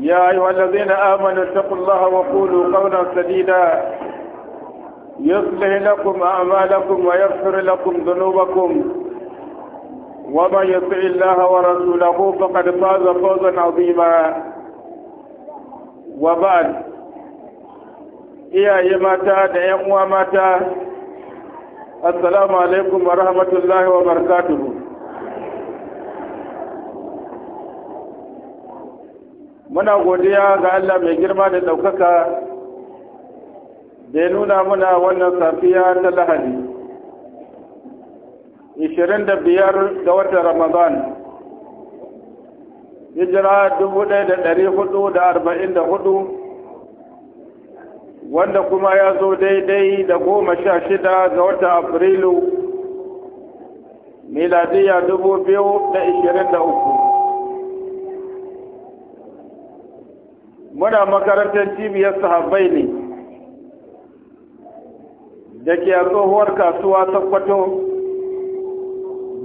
يا أيها الذين آمنوا اتقوا الله وقولوا قولا سديدا يصلح لكم أعمالكم ويغفر لكم ذنوبكم ومن يطع الله ورسوله فقد فاز فوزا عظيما وبعد iyaye mata da ‘yan uwa mata, Assalamu alaikum wa rahmatullahi wa barakatuhu. muna godiya ga Allah mai girma da ɗaukaka da nuna muna wannan safiya ta lahadi 25 ga watan ramadan hijira 1444 wanda kuma ya zo daidai da goma sha shida ga watan afrilu miladiya 2023 muna makarantar cibiyar sahabbai ne da ke a tsohuwar kasuwa ta kwato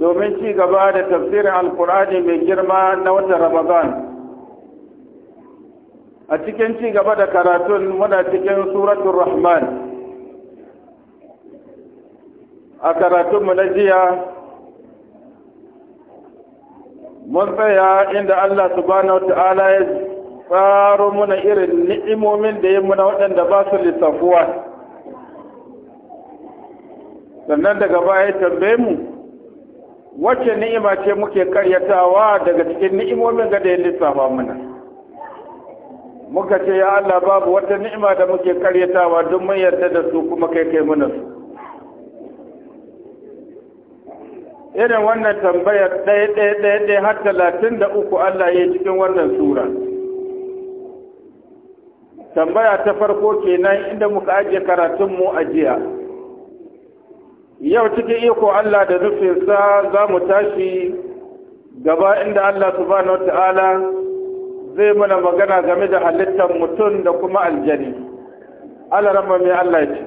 domin ci gaba da tafsirin alkur'ani mai girma na watan ramadan a cikin ci gaba da karatun muna cikin suratun rahman a karatunmu na jiya mun tsaya inda allah subhanahu wa ta'ala ya tsaro muna irin ni'imomin da ya muna waɗanda ba su lissafuwa sannan daga baya tambaye mu wacce ni'ima ce muke karyatawa daga cikin ni'imomin ga da ya lissafa muna muka ce ya Allah babu wata ni'ima da muke karyatawa don mun yarda da su kuma kai kai muna su irin wannan tambayar ɗaya ɗaya ɗaya ɗaya har talatin da uku Allah ya cikin wannan sura. tambaya ta farko kenan inda muka ajiye karatunmu a jiya yau cikin iko Allah da nufinsa za mu tashi gaba inda Allah subhanahu ta'ala zai mana magana game da halittar mutum da kuma aljani Allah rama mai Allah ce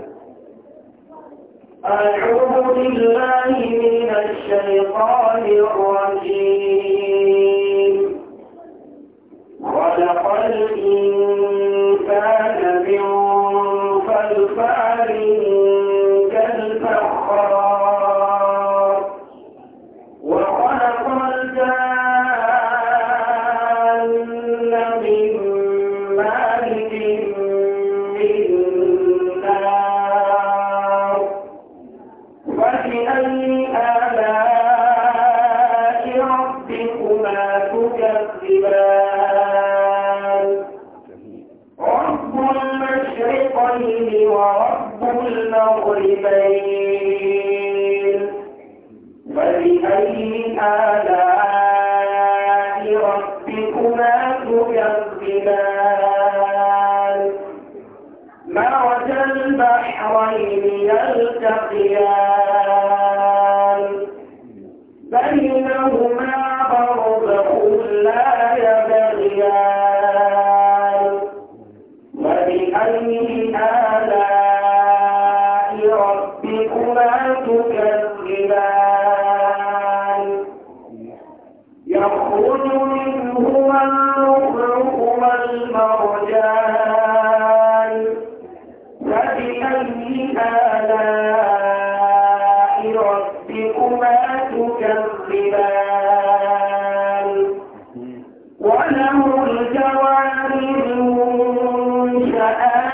أعوذ بالله من الشيطان الرجيم كنب فالفعل كالفخار وخلق الجان من مالك من نار فبأي آلاء ربكما تكذبان البحرين يلتقيان بينهما برزخ لا يبغيان وبأي آلاء ربكما تكذبان يخرج منهما تكذبان